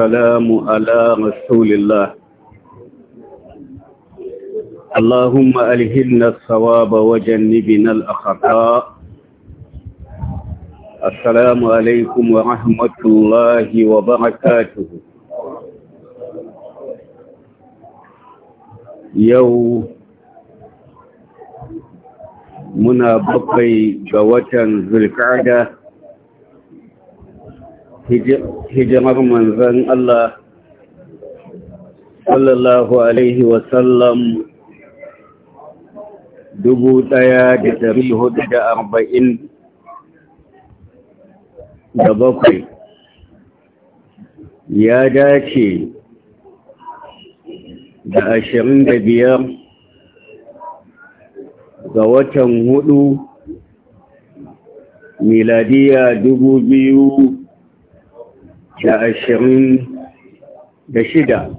والسلام على رسول الله اللهم ألهمنا الصواب وجنبنا الأخطاء السلام عليكم ورحمة الله وبركاته يوم muna bakwai ga watan zulkada hijirar manzan Allah sallallahu Alaihi wasallam dubu ɗaya da dari hudu da arba'in da bakwai ya dace da ashirin da biyar ga watan hudu miladiya dubu biyu da ashirin da shida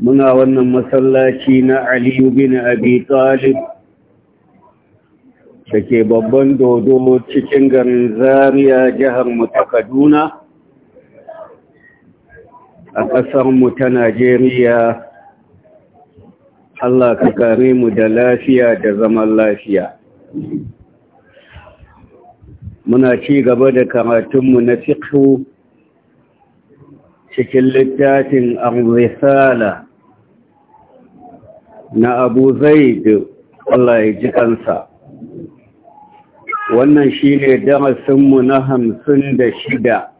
muna wannan masallaci na aliyu bin abi talib da ke babban dodo cikin garin zaria jihar mu ta kaduna a ƙasarmu ta najeriya allah ka kare mu da lafiya da zaman lafiya muna ci gaba da karatunmu na fiƙo cikin littafin arzisala na abu zai Allah ya wannan shine ne darasinmu na hamsin da shida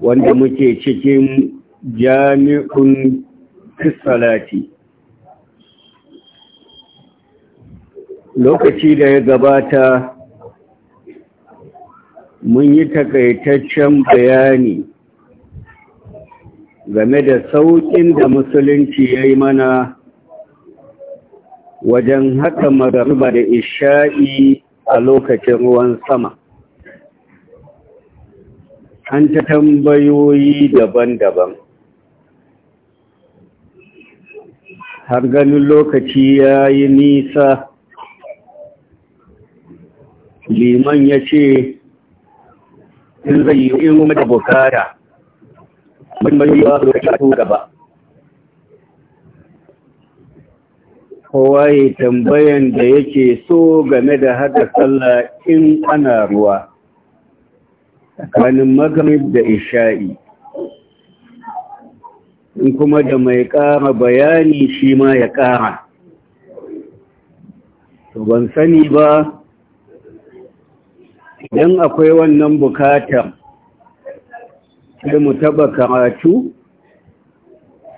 wanda muke cikin jami'un salati lokaci da ya gabata mun yi takaitaccen bayani game da sauƙin da musulunci ya yi mana wajen haka magariba da isha'i a lokacin ruwan sama an ta tambayoyi daban-daban har ganin lokaci ya yi nisa liman ya ce in zai yi in da bukata mahimmanci ba su da gaba tambayan da yake so game da haɗa sallah in ana ruwa tsakanin magamid da isha'i in kuma da mai ƙara bayani shi ma ya ƙara to ban sani ba idan akwai wannan bukatar sai mu taba karatu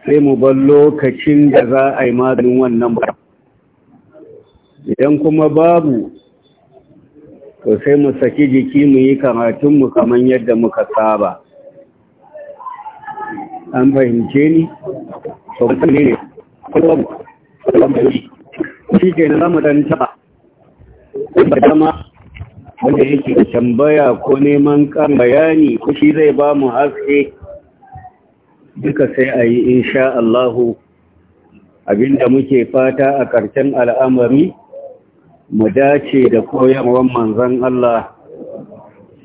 sai mu bar lokacin da za a yi maganin wannan ba idan kuma babu to sai mu saki jiki mu yi karatunmu kamar yadda muka saba an fahimce ni? sauƙi ne kowa shi ke na zama don taba dama wanda yake da tambaya ko neman kan bayani ko shi zai ba mu haske duka sai a yi insha Allahu abinda muke fata a ƙarshen al'amari mu dace da koyarwar manzon Allah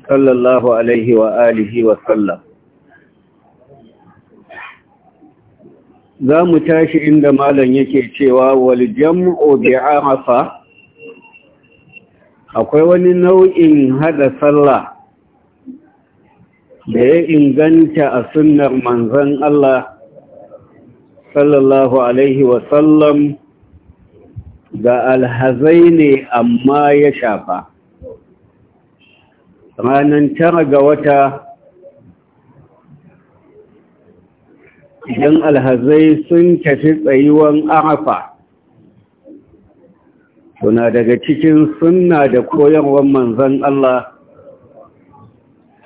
sallallahu alaihi wa alihi wa sallam za mu tashi inda malam yake cewa wal jam'u bi arafa akwai wani nau'in hada sallah da ya inganta a sunnar manzan Allah sallallahu alaihi wasallam ga alhazai ne amma ya shafa ranar tara ga wata idan alhazai sun tafi tsayuwan arafa suna daga cikin suna da koyarwar manzan Allah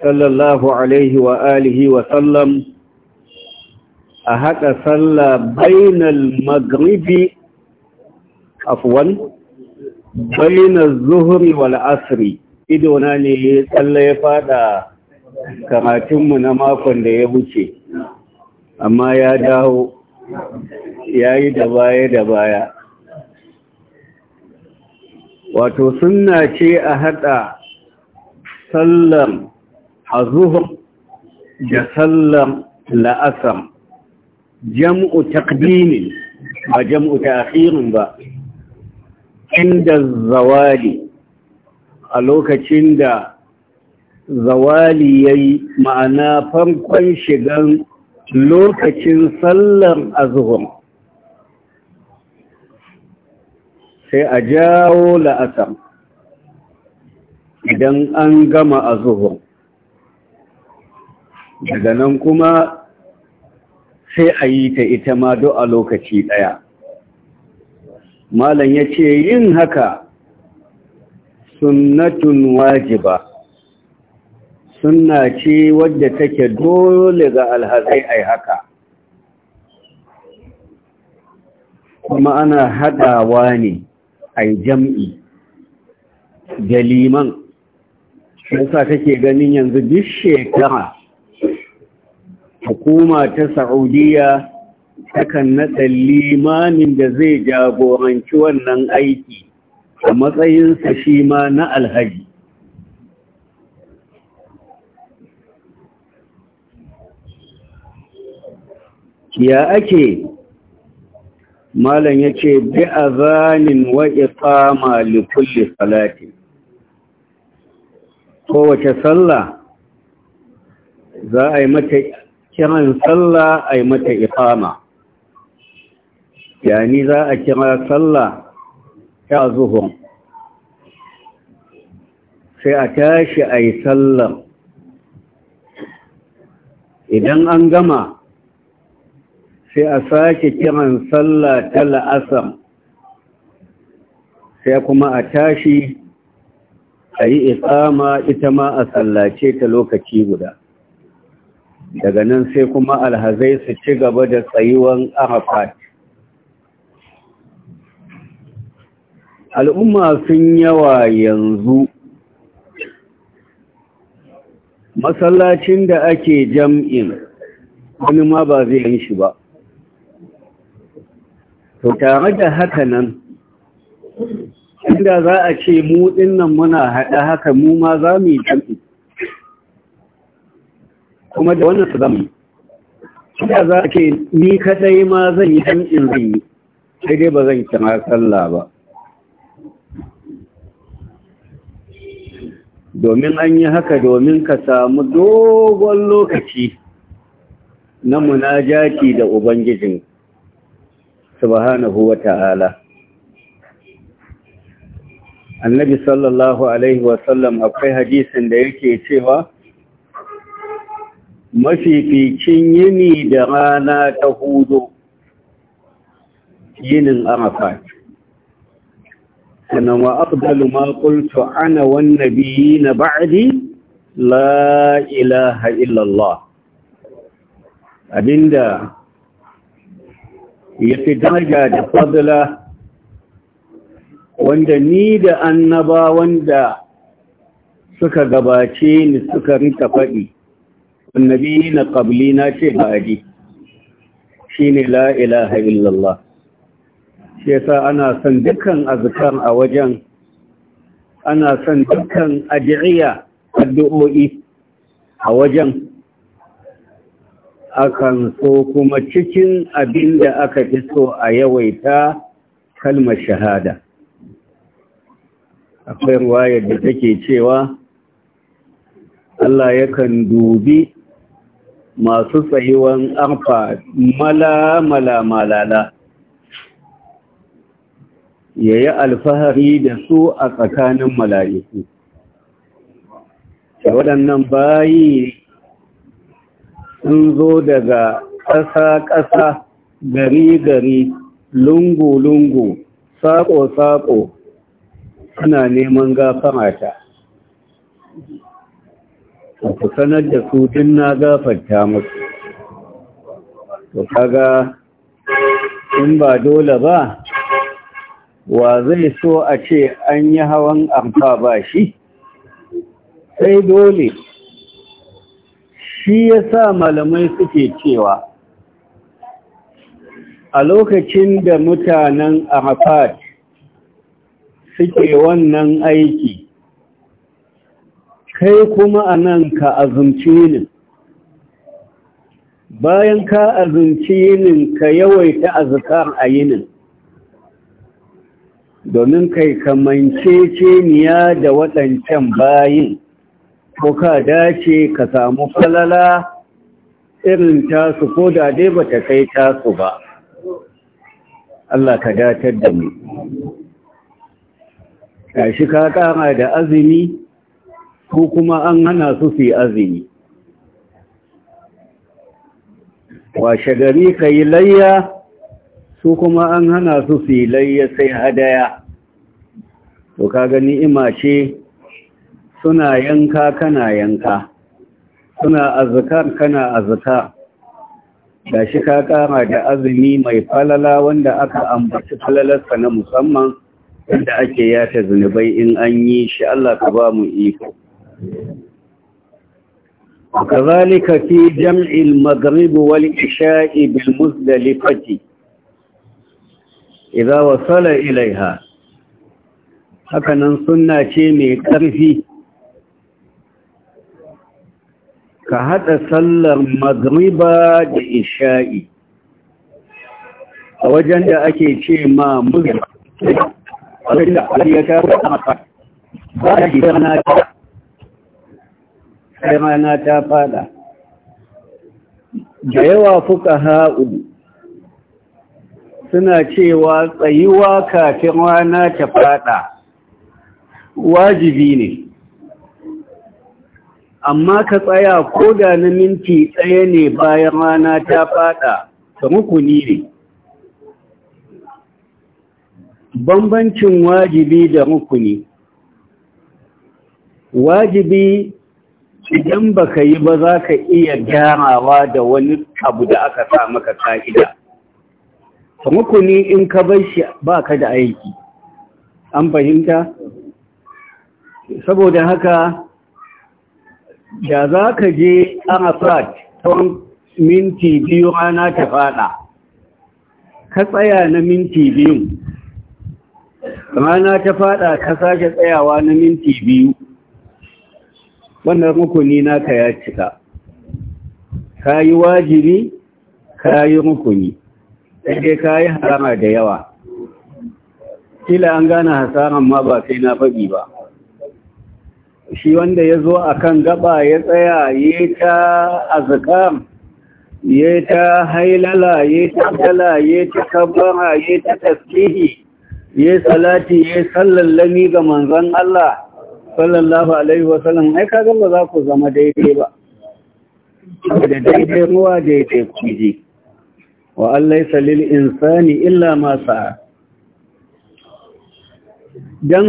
sallallahu alaihi wa alihi wa sallam a haɗa sallah bainal magribi afwan bainal zuhri wal asri idona ne ya tsalla ya fada karatunmu na makon da ya wuce amma ya dawo ya yi da baya da baya wato sunna ce a haɗa sallam azuhur da sallam la'asam jam'u takdimin ba jam'u ta'akhirin ba inda zawali a lokacin da zawali yayi ma'ana farkon shigan lokacin sallar azuhur. sai a jawo la'asar idan an gama a zuhun daga nan kuma sai a yi ta ita ma do a lokaci ɗaya malam ya ce yin haka sunnatun wajiba sunna ce wadda take dole ga alhazai ai haka kuma ana haɗawa ne a jam'i da liman yasa take ganin yanzu duk shekara hukuma ta saudiya takan naɗa limanin da zai jagoranci wannan aiki a matsayinsa shi ma na alhaji ya ake malam yace bi azanin wa iqama li kulli salati kowace sallah za a yi mata kiran sallah a yi mata iqama yani za a kira sallah ta zuhur sai a tashi a yi sallar idan an gama sai a sake kiran sallah ta la'asar sai kuma a tashi a yi isama ita ma a sallace ta lokaci guda daga nan sai kuma alhazai su ci gaba da tsayuwan arafat al'umma sun yawa yanzu masallacin da ake jam'in wani ma ba zai yin shi ba to tare da haka nan inda za a ce mu dinnan muna haɗa haka mu ma za mu yi jam'i kuma da wannan su zama inda za a ce ni kadai ma zan yi jam'in zan yi sai dai ba zan kira sallah ba domin an yi haka domin ka samu dogon lokaci na munajati da ubangijinka subhanahu wa ta'ala annabi sallallahu alaihi wasallam akwai hadisin da yake cewa mafificin yini da rana ta hudu yinin arafat sannan wa afdalu ma qultu ana wan nabiyina ba'di la ilaha illallah abinda ya fi daraja da fadla wanda ni da annaba wanda suka gabace ni suka ta faɗi annabi na ƙabli na ce ba shi ne la'ilaha illallah shi yasa ana son dukan azkar a wajen ana son dukan ad'iya addu'o'i a wajen akan so kuma cikin abin da aka fi so a yawaita kalmar shahada akwai ruwayar da take cewa Allah yakan dubi masu tsayuwan arfa mala mala malala ya yi alfahari da su a tsakanin mala'iku da waɗannan bayi sun zo daga ƙasa-ƙasa gari-gari lungu-lungu saƙo-saƙo suna neman gafarata ku sanar da su din na gafarta musu to kaga in ba dole ba wa zai so a ce an yi hawan amfa ba shi sai dole shi ya sa malamai suke cewa a lokacin da mutanen arafat suke wannan aiki kai kuma a nan ka azumci yinin bayan ka azumci ni ka yawaita azkar a yinin domin kai ce niya da waɗancan bayin ko ka dace ka samu falala irin tasu ko da dai ba ta kai tasu ba Allah ka datar da mu tashi ka kama da azumi ko kuma an hana su fi azumi washe gari ka yi layya su kuma an hana su su layya sai hadaya to ka gani ima ce suna yanka kana yanka suna azkar kana azkar da shi ka kama da azumi mai falala wanda aka ambaci falalarsa na musamman inda ake yata zunubai in an yi shi Allah ka ba mu iko. Kazalika fi al maghrib wal isha'i bil muzdalifati idza wasala ilaiha hakanan sunna ce mai ƙarfi ka haɗa sallar magriba da isha'i a wajen da ake ce ma mugriba a wajen da ake ya kawo a mata ba a ji rana ta rana ta fada da yawa fuka ha'u suna cewa tsayuwa kafin rana ta fada wajibi ne amma ka tsaya ko da na minti tsaye ne bayan rana ta fada ta rukuni ne bambancin wajibi da rukuni wajibi idan baka yi ba za ka iya gyarawa da wani abu da aka sa maka ka'ida rukuni in ka bar shi ba ka da aiki an fahimta saboda haka da za ka je arafat tun minti biyu rana ta fada ka tsaya na minti biyu rana ta fada ka sake tsayawa na minti biyu wannan rukuni naka ya cika ka yi wajiri ka yi rukuni sai ka yi harama da yawa kila an gane hasaran ma ba sai na faɗi ba shi wanda ya zo a kan gaba ya tsaya ya ta azikam ya ta hailala ya ta tala ya ta kabbara ya ta tasbihi ya salati ya sallallami ga manzan Allah sallallahu alaihi wasallam ai ka ba za ku zama daidai ba da daidai ruwa daidai kuji wa Allah ya salil insani illa ma sa'a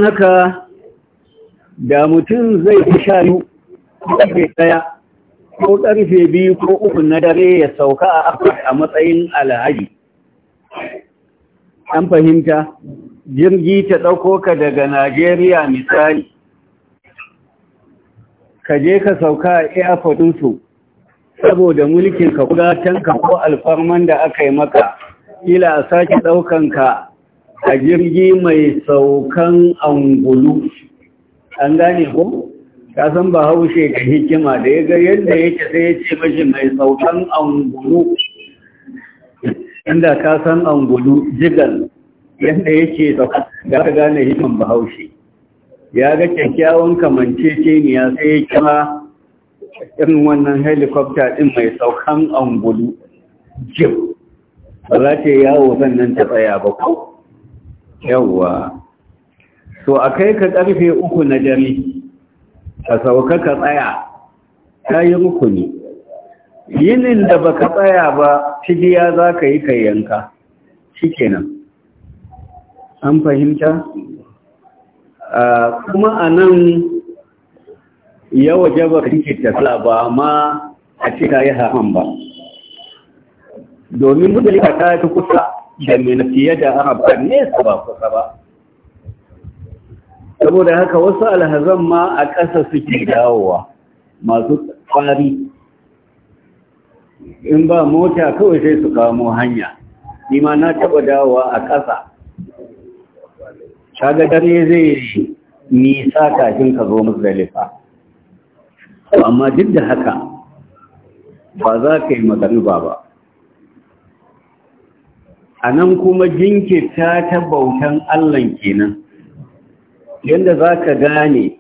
haka da mutum zai fi sha yi ƙarfe ɗaya ko ƙarfe biyu ko uku na dare ya sauka a afirka a matsayin alhaji an fahimta jirgi ta ɗauko ka daga najeriya misali ka je ka sauka a airportinsu saboda mulkin ka kudatanka ko alfarman da aka yi maka ila a sake ɗaukanka a jirgi mai saukan angulu an gane ko ka san ba haushe da hikima da ya ga yadda yake sai ya ce mashi mai saukan angulu inda ka angulu jigal yadda yake ce ga ka gane hikiman ba haushe ya ga kyakkyawan ya sai ya kira irin wannan helikopta din mai saukan angulu jim ba za ce yawo sannan ta tsaya ba ko yawwa to a kai ka karfe uku na dare ka sauka ka tsaya ta yi rukuni yinin da baka tsaya ba fidiya za ka yi kayyanka shi kenan an fahimta kuma a nan yawa jaba ba kake tafiya ba ma a ce yi haram ba domin mutalika ta kusa da mai fiye da arab nesa ba kusa ba saboda haka wasu alhazan ma a ƙasa suke dawowa masu ƙwari in ba mota kawai sai su kamo hanya nima na taɓa dawowa a ƙasa shaga dare zai nisa kafin ka zo dalifa amma duk da haka ba za ka yi magariba ba a nan kuma jinkirta ta bautan allan kenan yadda za ka gane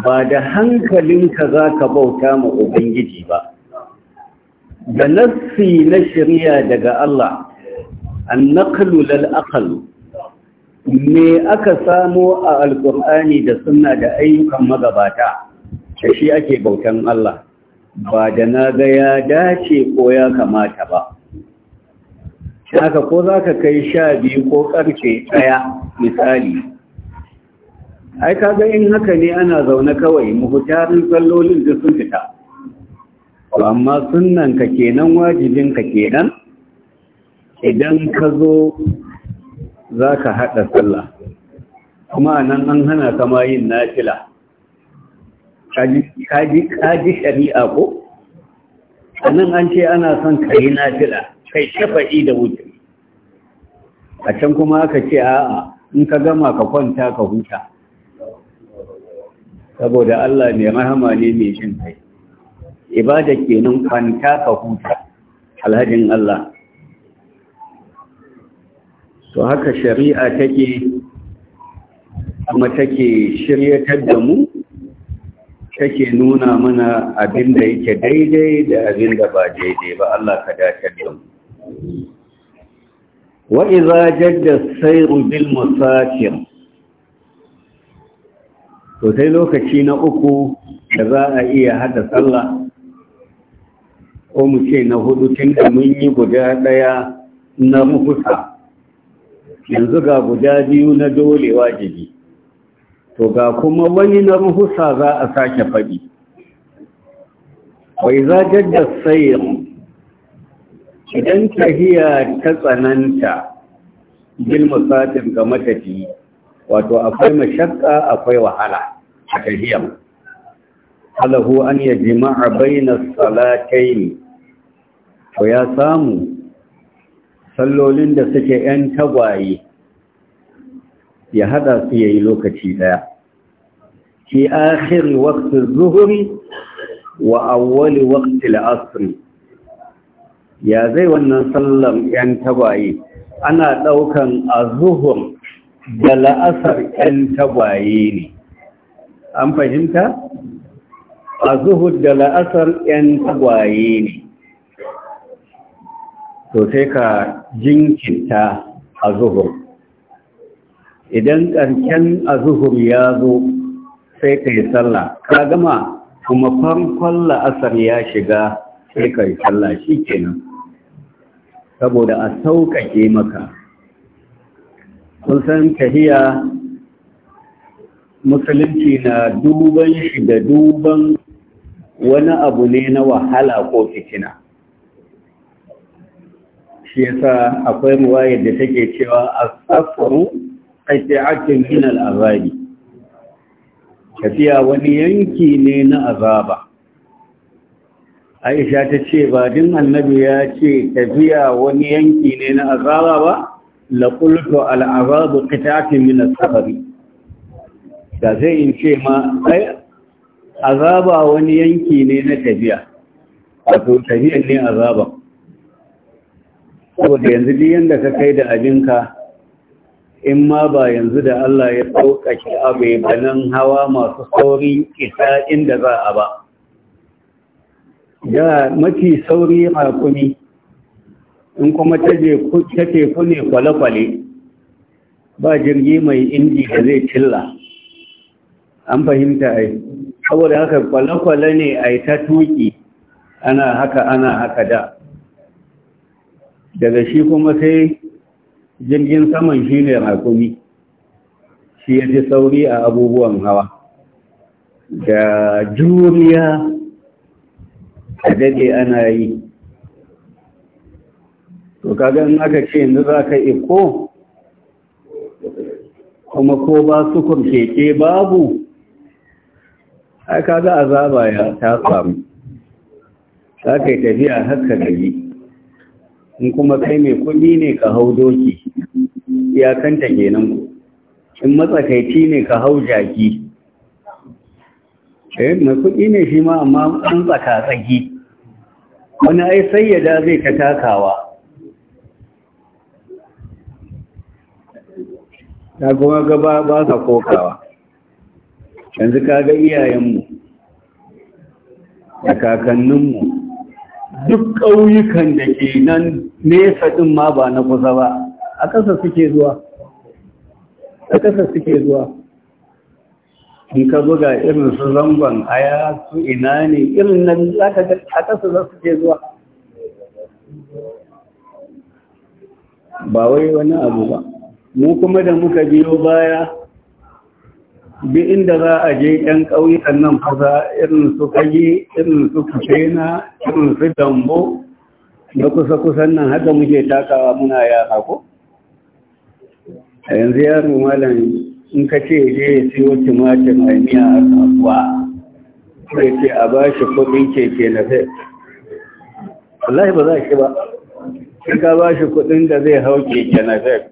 ba da hankalinka za ka bauta ma Ubangiji ba, da nassi na shirya daga Allah, an naƙalu akalu. me aka samo a Alƙur'ani da suna da ayyukan magabata, da shi ake bautan Allah, ba da na ga ya dace ko ya kamata ba. shaka ko za ka kai sha biyu ko ƙarfe ɗaya misali. ai kaga in haka ne ana zaune kawai muhutarin sallolin da sun fita amma sunnan ka kenan wajibin ka kenan idan ka zo za ka haɗa sallah kuma nan an hana kama yin nafila kaji shari'a ko a nan an ce ana son ka yi nafila kai shafa'i da wuce a can kuma aka ce a'a in ka gama ka kwanta ka huta saboda Allah mai rahama ne mai jin kai ibada kenan kwanta ka huta alhajin Allah to haka shari'a take kuma take shiryatar da mu take nuna mana abin da yake daidai da abin da ba daidai ba Allah ka dace da mu wa idza jadda sayru bil musafir to sai lokaci na uku da za a iya hada sallah ko mu ce na hudu tun da mun yi guda daya na rufusa yanzu ga guda biyu na dole wajibi to ga kuma wani na rufusa za a sake faɗi wai za jadda sayin idan tahiya ta tsananta bil musatin ga matafiya wato akwai mashakka akwai wahala a tahiyya alahu an jima'a baina salatayn to ya samu sallolin da suke yan tagwaye ya hada su yayi lokaci daya fi akhir waqti zuhri wa awwal waqti al-'asr ya zai wannan sallan yan tagwaye ana daukan azhur da la'asar ‘yan tagwaye ne an fahimta? a zuhud da la'asar ‘yan tagwaye ne to sai ka jinkinta a zuhur idan ƙarshen a zuhur ya zo sai ka yi sallah ka gama kuma farkon la'asar ya shiga sai ka yi sallah shi kenan saboda a sauƙaƙe maka kun san tahiya musulunci na duban shi da duban wani abu ne na wahala ko fitina shi yasa akwai ruwayar da take cewa as-safaru qati'atun min al-azabi tafiya wani yanki ne na azaba Aisha ta ce ba din annabi ya ce tafiya wani yanki ne na azaba ba laƙultu al'arabu ce min safari da zai in ce ma ɗaya azaba wani yanki ne na tafiya wato tafiyan ne azaba saboda yanzu duk yadda ka kai da abinka in ma ba yanzu da Allah ya sauƙaƙe abai banan hawa masu sauri isa inda za a ba da mafi sauri kuni in kuma ta teku ne kwale-kwale ba jirgi mai inji da zai cilla an fahimta ai saboda haka kwale-kwale ne a ta tuki ana haka ana haka da daga shi kuma sai jirgin saman shi ne rakumi shi ya ji sauri a abubuwan hawa da juriya a daɗe ana yi to kaga in aka ce yanzu za ka iko kuma ko ba su keke babu ai a azaba ya ta samu za ka yi tafiya haka gari in kuma kai mai kudi ne ka hau doki iyakanta kenan ku in matsakaici ne ka hau jaki eh mai kudi ne shi ma amma an tsaka tsaki wani ai sayyada zai ta takawa ta kuma gaba ba sa kokawa yanzu kaga iyayenmu da kakanninmu duk ƙauyukan da ke nan nesa ɗin ma ba na kusa ba a ƙasa suke zuwa a ƙasa suke zuwa in ka buga irin su zangon aya su ina ne irin nan za ka ga a ƙasa za su ke zuwa ba wai wani abu ba mu kuma da muka biyo baya bi inda za a je ƴan ƙauyukan nan faza irin su kayi irin su kushena irin su dambo da kusa-kusan nan haka muke takawa muna yara ko a yanzu yaro malam in ka ce je ya siyo timatir a miya a kasuwa sai ce a ba shi kuɗin keke na sai wallahi ba za shi ba sai ka ba shi kuɗin da zai hau keke na sai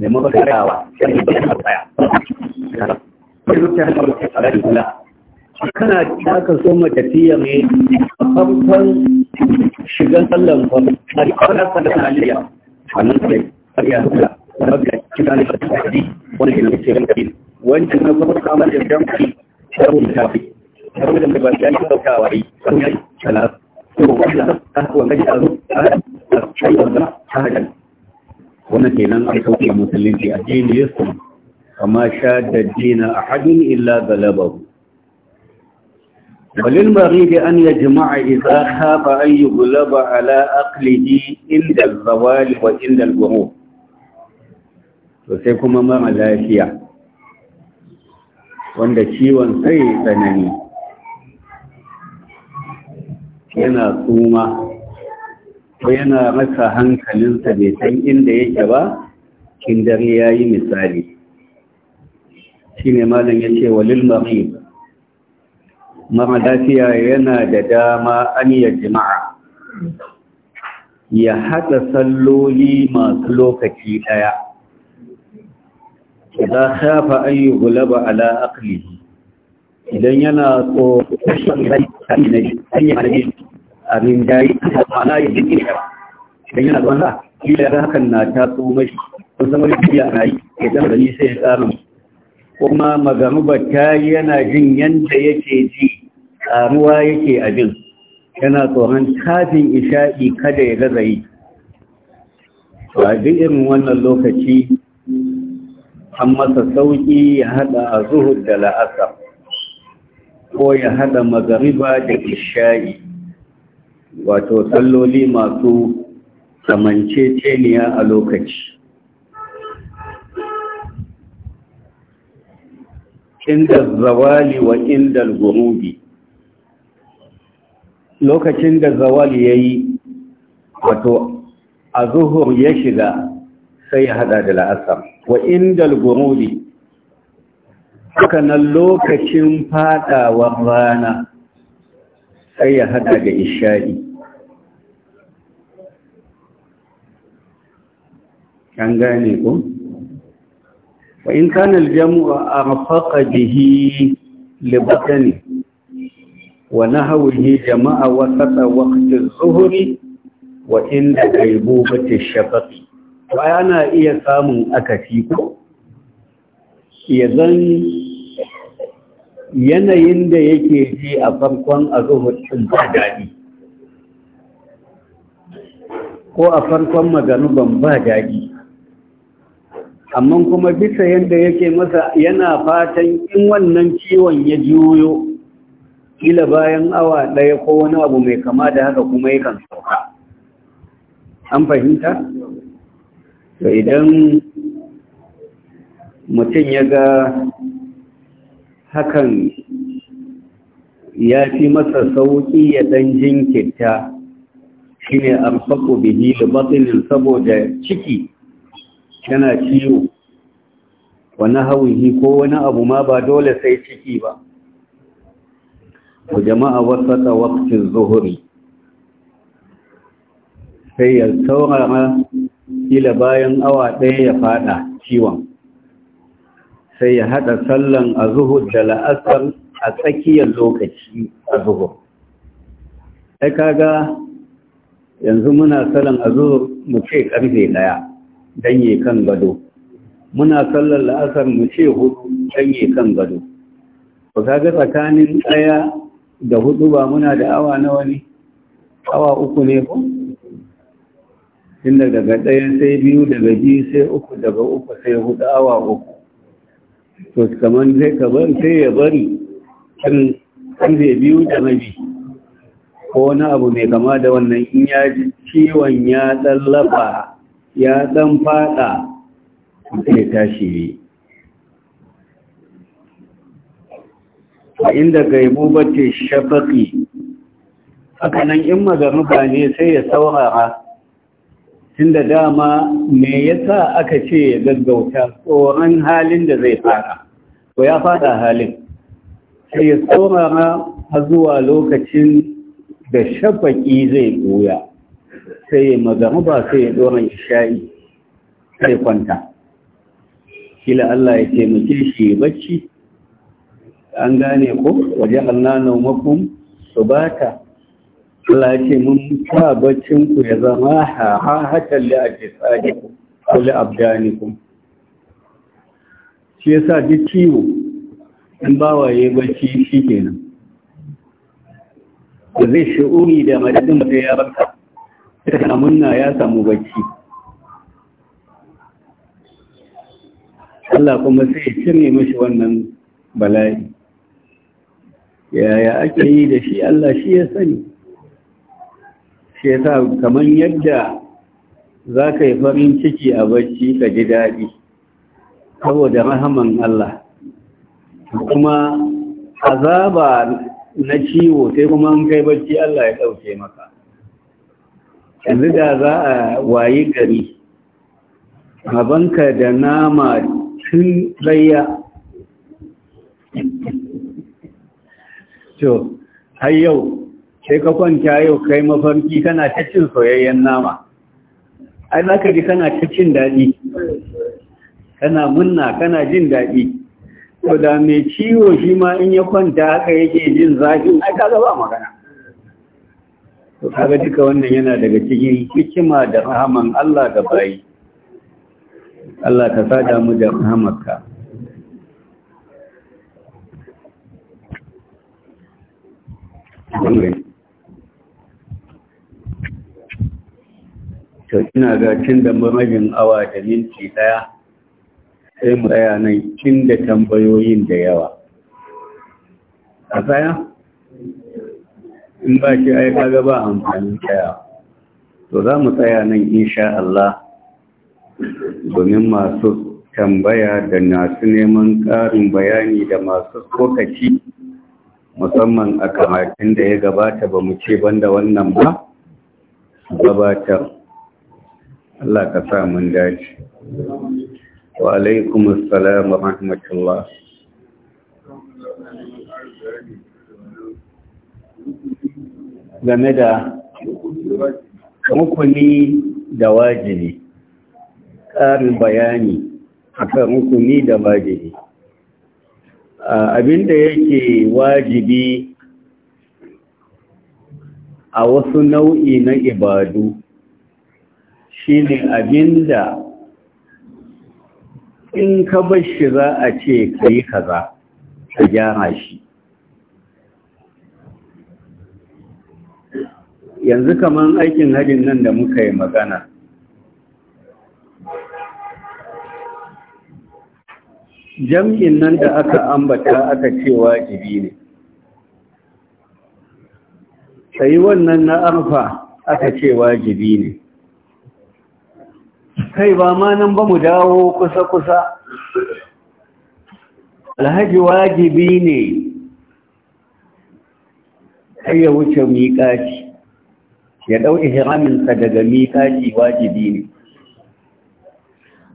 ne mu baka rawa kan da ba tsaya lokacin da ka tsara so mu tafiya me farkon sallan fa a kana sallan aliyya wannan sai kariya kula daga kitan da tsari wani ne ke ran kabi wanda na kuma kamar da dan ki sharu da tafi sharu da ba ya ka dauka wari sun ya kala to wannan ta ko ga da a a sai wannan ta hadan wani kenan a musulunci a dini yasu amma sha dina a hadin illa galabaru balil mari da an yi jima'a iza kafa an yi gulaba ala aklihi inda zawali wa inda gwamo to sai kuma mara lafiya wanda ciwon sai tsanani yana suma. ko yana rasa hankalinsa bai san inda yake ba kin dare ya yi misali shi ne malam ya ce walil marid mara lafiya yana da dama an ya jima'a ya haɗa salloli masu lokaci ɗaya Za shafa an gulaba ala aklihi idan yana so shi ne abin jayi ala ya jin ne ba idan yana zuwa za da hakan na ta so mashi kun san wani biya na yi ya zama da nisa ya tsara kuma ba ta yana jin yadda yake ji karuwa yake a jin yana tsoron kafin isha'i kada ya gaza yi to a duk irin wannan lokaci an masa sauƙi ya haɗa a zuhud da la'asar ko ya haɗa magariba da isha'i wato salloli masu kamanceceniya a lokaci inda zawali wa inda gurubi lokacin da zawali ya yi wato a zuhur ya shiga sai ya hada da la'asar wa inda gurubi hakanan lokacin fadawar rana sai ya hada da isha'i kan gane ku? wa in kana aljamu'a arfaqa bihi libatani wa nahwihi jama'a wasata waqti az-zuhri wa inda gaibubati ash-shafaqi wa ana iya samun akati ko yazan yanayin da yake ji a farkon a ɗin ba daɗi ko a farkon maganuban ba daɗi amma kuma bisa yadda yake masa yana fatan in wannan ciwon ya juyo kila bayan awa ɗaya ko wani abu mai kama da haka kuma yakan sauka an fahimta? to idan mutum ya ga hakan ya fi masa sauƙi ya ɗan jinkirta shi ne amsako bihi da batsinin saboda ciki yana ciwo wani hauhi ko wani abu ma ba dole sai ciki ba ku jama'a wasata waktin zuhuri sai ya saurara ila bayan awa ɗaya ya fada ciwon sai ya haɗa sallan a zuhur da la'asar a tsakiyar lokaci a zuhur sai kaga yanzu muna sallan a zuhur mu ce ƙarfe ɗaya danye kan gado muna sallan la'asar mu ce hudu danye kan gado ba kaga tsakanin ɗaya da hudu ba muna da awa nawa ne awa uku ne ko tun daga ɗaya sai biyu daga biyu sai uku daga uku sai hudu awa uku to kamar zai kamar sai ya bari kan zai biyu da mabi ko wani abu mai kama da wannan in ya ji ciwon ya tsallafa ya ɗan fada ya tashi ne a inda gaibu bace shafaƙi haka in magaruba ne sai ya saurara tunda dama me yasa aka ce ya gaggauta tsoron halin da zai fara ko ya fada halin sai ya tsorara har zuwa lokacin da shafaki zai goya sai ya ba sai ya doron shayi sai kwanta kila Allah ya taimake shi bacci an gane ko waje Allah na makon subata Allah ce mun sa baccin ku ya zama hahatan li ajisadikum ko li abdanikum shi sa duk ciwo in bawaye bacci shikenan da zai shi'uri da madadin da ya barka ta kamunna ya samu bacci Allah kuma sai cire mashi wannan bala'i yaya ake yi da shi Allah shi ya sani shi ya kamar yadda za ka yi farin ciki a bacci ka ji daɗi saboda rahaman Allah kuma azaba na ciwo sai kuma an kai bacci Allah ya ɗauke maka yanzu da za a wayi gari abanka da nama tun tsaya, to har yau sai ka kwanta yau kai mafarki kana ta cin soyayyen nama ai za ka ji kana ta cin daɗi kana munna kana jin daɗi to da mai ciwo shi ma in ya kwanta haka yake jin zafin ai kaga ba magana to kaga duka wannan yana daga cikin hikima da rahaman Allah ga bayi Allah ka sada mu da rahamarka Thank you. to ina ga tun da mamajin awa da minti ɗaya sai mu tsaya nan tun da tambayoyin da yawa a tsaya in ba shi aika gaba ba tsaya to za mu tsaya nan insha Allah domin masu tambaya da nasu neman ƙarin bayani da masu kokaci musamman a karatun da ya gabata ba mu ce banda wannan ba gabatar Allah ka sa mun dace wa alaikum assalam wa rahmatullah game da rukuni da wajibi ƙarin bayani akan rukuni da wajibi abinda yake wajibi a wasu nau'i na ibadu shi ne abin da. in ka bar za a ce ka yi kaza ka gyara shi yanzu kamar aikin hajjin nan da muka yi magana jam'in nan da aka ambata aka ce wajibi ne sai wannan na arfa aka ce wajibi ne kai ba ma nan ba mu dawo kusa-kusa alhaji wajibi ne ya wuce miƙaci ya ɗauki hiraminsa daga miƙaci wajibi ne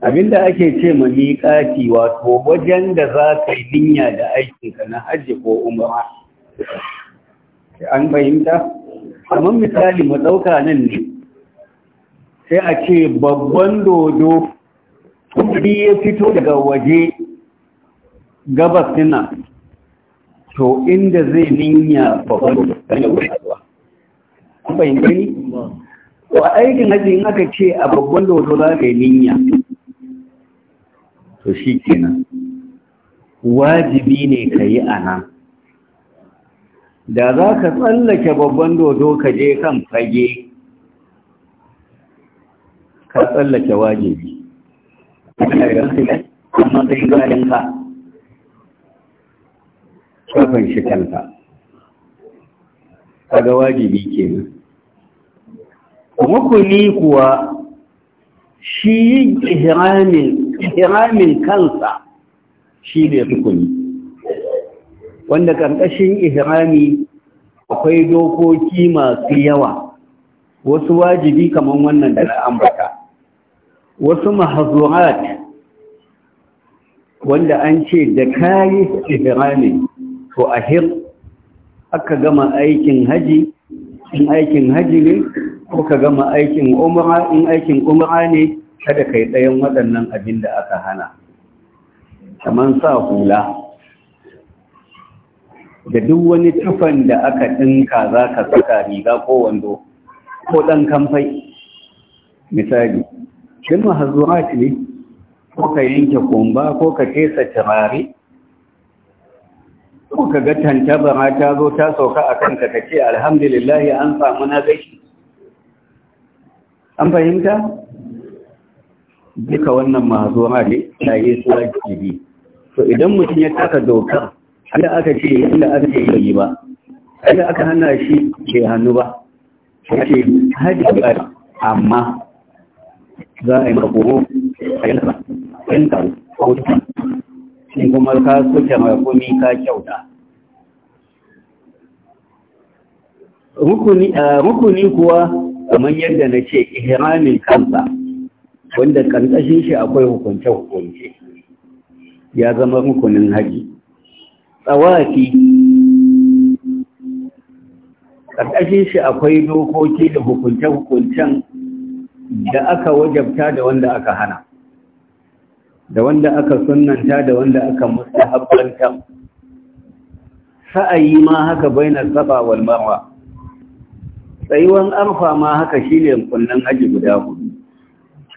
abinda ake ce ma miƙaci wato wajen da za ka yi dinya da aikinka na hajji ko umara an fahimta amma misali mu ɗauka nan ne sai a ce babban dodo kudi ya fito daga waje gabas nan to inda zai ninya babban dodo kan yau da zuwa kuma yin gani a aikin haji in aka ce a babban dodo za ka yi ninya to shi kenan wajibi ne ka yi a nan da za ka tsallake babban dodo ka je kan fage ka tsallake wajibi amma sai ganin ka kafin shi kanta, kaga wajibi Kuma Kuni kuwa shi yin ihramin kansa shi ne rukuni wanda ƙarƙashin ihrami akwai dokoki masu yawa wasu wajibi kamar wannan da na ambata wasu mahazurat wanda an ce da kayi ihrami to ahir aka gama aikin haji in aikin haji ne ko ka gama aikin umra in aikin umra ne kada kai ɗayan waɗannan abin da aka hana kamar sa hula da duk wani tufan da aka ɗinka za ka saka riga ko wando ko ɗan kamfai misali duk mahazurat ne ko ka yanke kumba ko ka kesa tirare ko ka ga tantabara ta zo ta sauka a kanka ka ce alhamdulillah an samu na gashi an fahimta duka wannan mahazurat ne ta yi suwa jibi to idan mutum ya taka dokar inda aka ce inda aka ce yi ba inda aka hana shi ke hannu ba shi ke hajji amma za a yi maka koro a yanka a yanka ko ta shi kuma ka soke mai komi ka kyauta rukuni kuwa kamar yadda na ce ihramin kansa wanda karkashin shi akwai hukunce hukunce ya zama rukunin haji tsawafi karkashin shi akwai dokoki da hukunce hukuncen da aka wajabta da wanda aka hana da wanda aka sunanta, da wanda aka mustahabbanta sa'ayi ma haka bainar safa wal marwa tsayuwan arfa ma haka shine kunnan haji guda hudu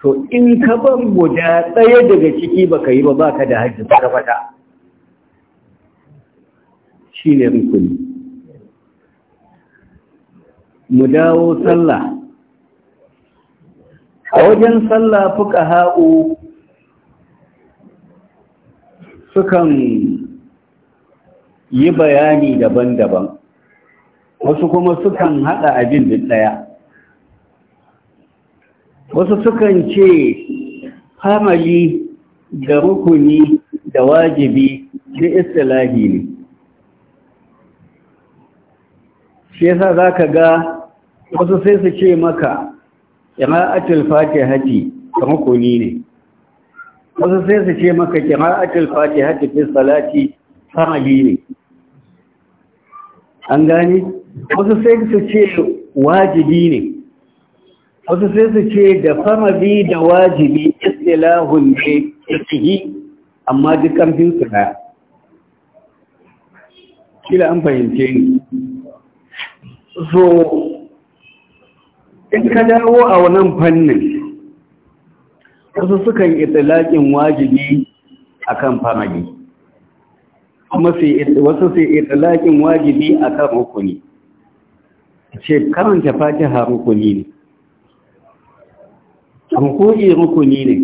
to in ka bar guda ɗaya daga ciki baka yi ba baka da haji fata shine rukuni mu dawo sallah a wajen sallah fuka ha'u sukan yi bayani daban-daban wasu kuma sukan haɗa abin da ɗaya wasu sukan ce hamali da rukuni da wajibi da istilahi ne shi yasa za ka ga wasu sai su ce maka ƙira'atul fatihati kamar koni ne wasu sai su ce maka ƙira'atul fatihati fi salati farali ne an gani wasu sai su ce wajibi ne wasu sai su ce da farali da wajibi istilahun ne ikihi amma duk kamfin su ɗaya kila an fahimce ni so in ka dawo a wannan fannin wasu sukan itilaƙin wajibi a kan famali kuma wasu su itilaƙin wajibi a kan rukuni ce karanta ha rukuni ne rukuni rukuni ne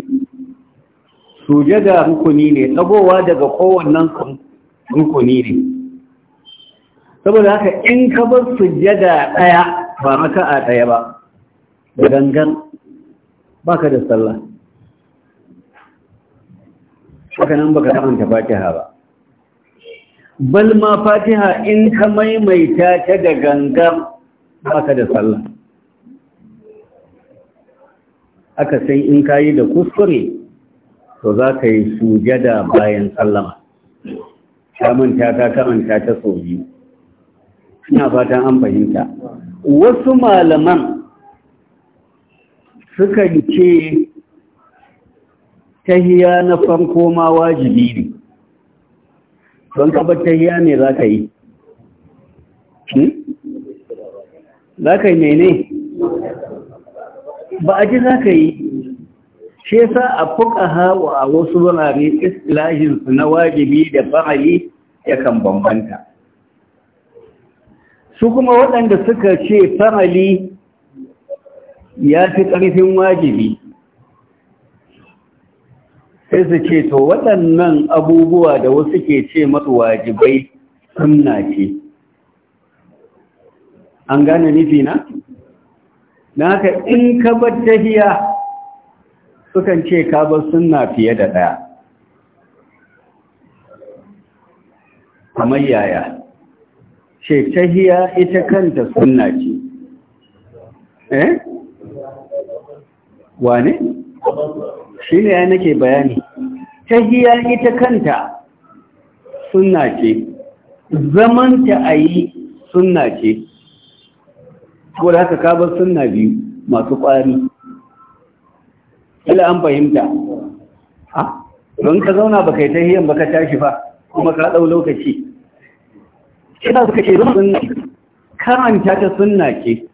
sujada rukuni ne ɗagowa daga kowannen rukuni ne saboda haka in ka bar sujada ɗaya ba maka a ɗaya ba da gangan baka da sallah haka nan baka karanta fatiha ba bal ma fatiha in ka maimaita ta da gangan baka da sallah aka sai in kayi da kuskure to za ka yi sujada bayan sallama ta manta ta karanta ta sau biyu ina fatan an fahimta wasu malaman sukan ce tahiya na farko ma wajibi ne don kaba tahiya ne za ka yi hmm? za ka yi mene ba a ji za ka yi shi sa a fuka hawa a wasu wurare istilahinsu na wajibi da fa'ali yakan bambanta su kuma waɗanda suka ce fa'ali ya fi ƙarfin wajibi sai su ce to waɗannan abubuwa da wasu ke ce masu wajibai sunna ce an gane nufi na? na haka in ka bar tahiya sukan ce ka bar sunna fiye da ɗaya kamar yaya ce tahiya ita kanta sunna ce eh wane shi ne ya nake bayani tahiya ita kanta suna ce zamanta a yi suna ce ko da haka kabar suna biyu masu ƙwari ila an fahimta a don ka zauna baka yi ba baka tashi ba kuma ka ɗau lokaci kina suka ce suna karanta ta suna ce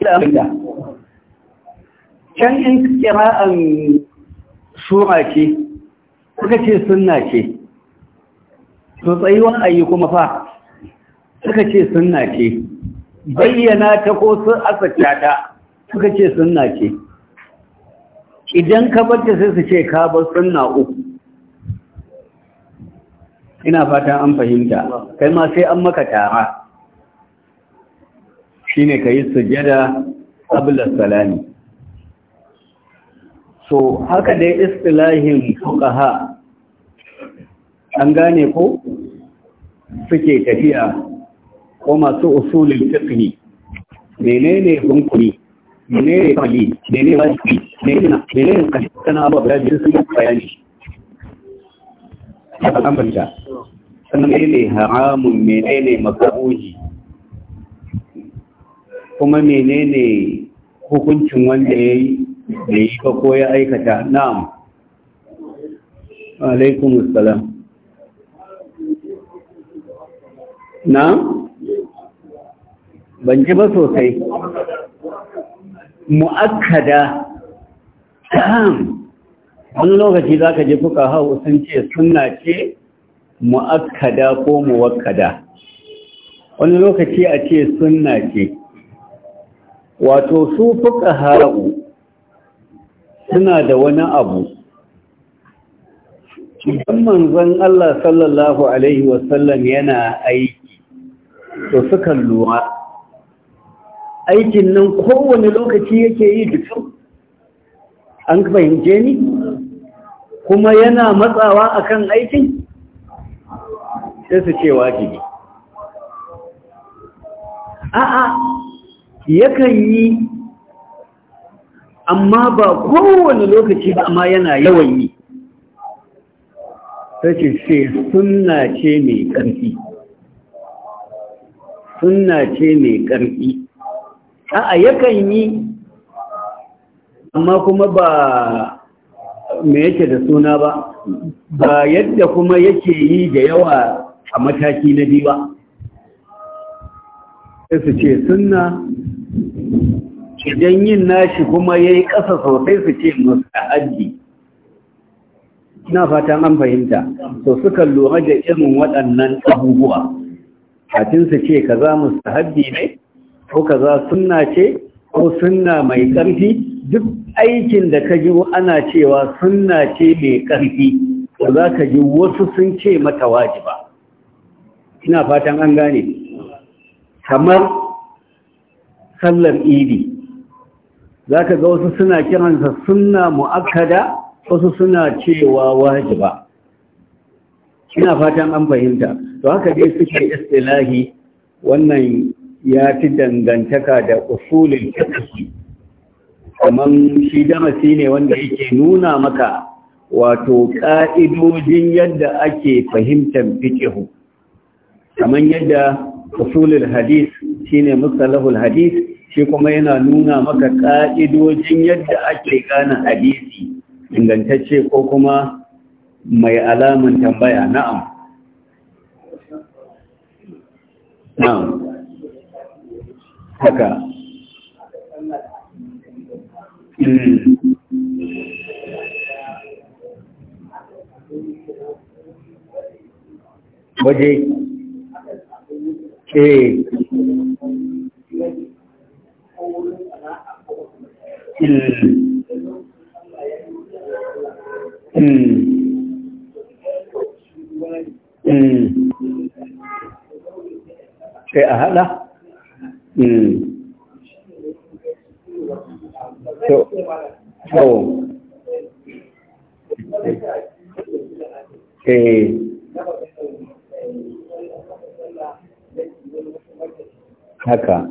ila an fahimta can in kira'an shura ce suka ce sunna ce to tsayuwar ayi kuma fa suka ce sunna ce bayyana ta ko sun a ta suka ce sunna ce idan ka bata sai su ce ka bar sunna uku ina fatan an fahimta kai ma sai an maka tara shine kayi sujjada qabla salami so haka dai istilahin fuqaha an gane ko suke tafiya ko masu usulin fiqhi menene hunkuri menene fali menene wajibi menene menene kana ba da jinsu bayani ya ambata sannan menene haramun menene makaruhi kuma menene hukuncin wanda yayi da yi ka koya aikata na'am alaikum assalam na'am ban ji ba sosai mu'akkada ta'am wani lokaci za ka ji fuka hau sun ce suna ce mu'akkada ko muwakkada wani lokaci a ce suna ce wato su fuka hau suna da wani abu idan manzon Allah sallallahu alaihi wasallam yana aiki to suka lura aikin nan kowane lokaci yake yi duka an fahimce ni kuma yana matsawa akan aikin sai su ce wajibi a'a yakan yi amma ba kowane lokaci ba amma yana yawan yi ta ce ce suna ce mai ƙarfi suna ce mai ƙarfi a yakan yi amma kuma ba me yake da suna ba ba yadda kuma yake yi da yawa a mataki na biyu ba su ce suna idan yin nashi kuma ya yi ƙasa sosai su ce mustahaji ina fatan an fahimta so suka lura da irin waɗannan abubuwa kafin su ce kaza mustahabi ne ko kaza suna ce ko suna mai ƙarfi duk aikin da ka ji ana cewa suna ce mai ƙarfi da za ka ji wasu sun ce mata wajiba ina fatan an gane kamar sallar idi za ka ga wasu suna kiransa suna mu'akkada wasu suna cewa wajiba ina fatan an fahimta to haka dai suke istilahi wannan ya fi dangantaka da usulin fiqh Kaman shi darasi ne wanda yake nuna maka wato ƙa'idodin yadda ake fahimtar fikihu Kaman yadda usulul hadis shine mustalahul hadis shi kuma yana nuna maka ƙa'idojin yadda ake gane hadisi ingantacce ko kuma mai alamun tambaya na'am na'am haka hmm. waje ke. Eh. il kai a so eh. haka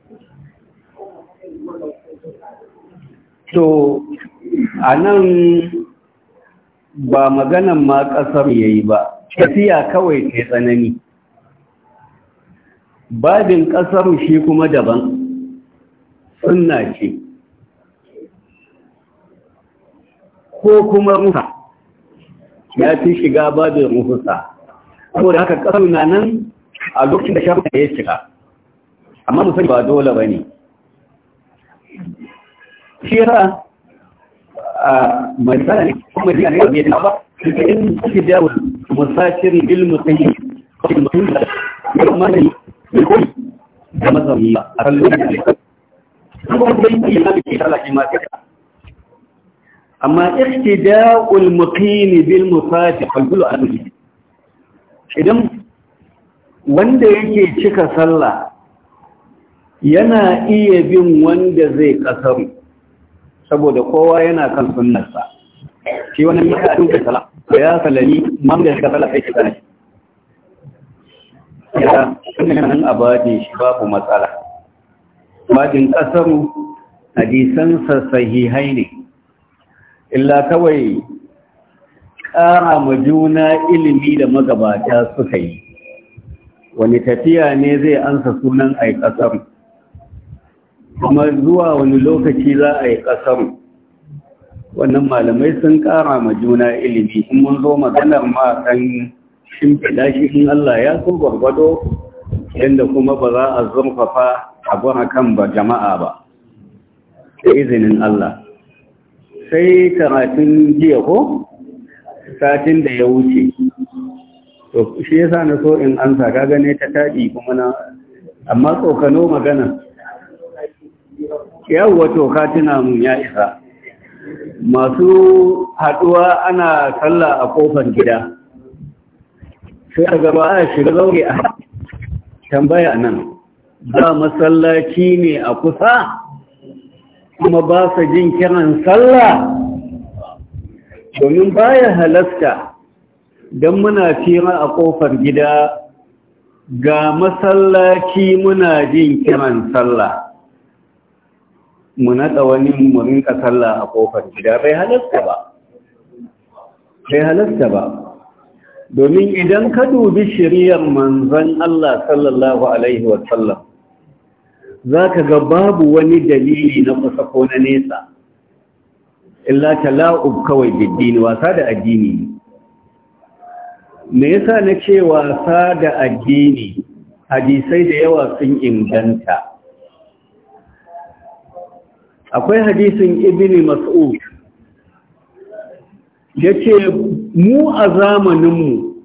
to a nan ba maganan ma ƙasar ya yi ba tafiya kawai ke tsanani babin ƙasar shi kuma daban sunna ce ko kuma rufa ya fi shiga babin rufusa da haka ƙasar na nan a lokacin da shafi ya shiga amma musamman ba dole ba ne shi mai tsanani kuma da in suke jawo da kuma ne da mazauni a kan lokacin da kuma kuma yi na ke talaki ta amma ta yi idan wanda yake cika sallah yana iya bin wanda zai kasaru saboda kowa yana kan sunnarsa shi wani maka duka sala ya salami man da suka sala sai ki sani ya sunan nan abadin shi babu matsala bajin kasaru hadisansa sahihai ne illa kawai ƙara ma juna ilimi da magabata suka yi wani tafiya ne zai ansa sunan ai ƙasar kuma zuwa wani lokaci za a yi ƙasar wannan malamai sun ƙara ma juna ilimi in mun zo maganar ma kan shimfiɗa shi in Allah ya so gwargwado yadda kuma ba za a zurfafa a gwara kan ba jama'a ba da izinin Allah sai karatun jiya ko satin da ya wuce to shi yasa na so in ansa kaga gane ta taɗi kuma na amma tsokano magana Yau wato ka tuna mun ya isa masu haɗuwa ana salla a kofar gida sai a gaba a shiga zaure a tambaya nan ba masallaci ne a kusa kuma ba sa jin kiran sallah domin baya halasta don muna fira a kofar gida ga masallaci muna jin kiran sallah mu naɗa wani mu rinka sallah a kofar gida bai halasta ba bai halasta ba domin idan ka dubi shiriyar manzon Allah sallallahu alaihi wa sallam zaka ga babu wani dalili na kusa ko na nesa illa tala'ub kawai biddini wasa da addini me yasa na ce wasa da addini hadisai da yawa sun inganta akwai hadisin Ibni mas'ud ce mu a zamaninmu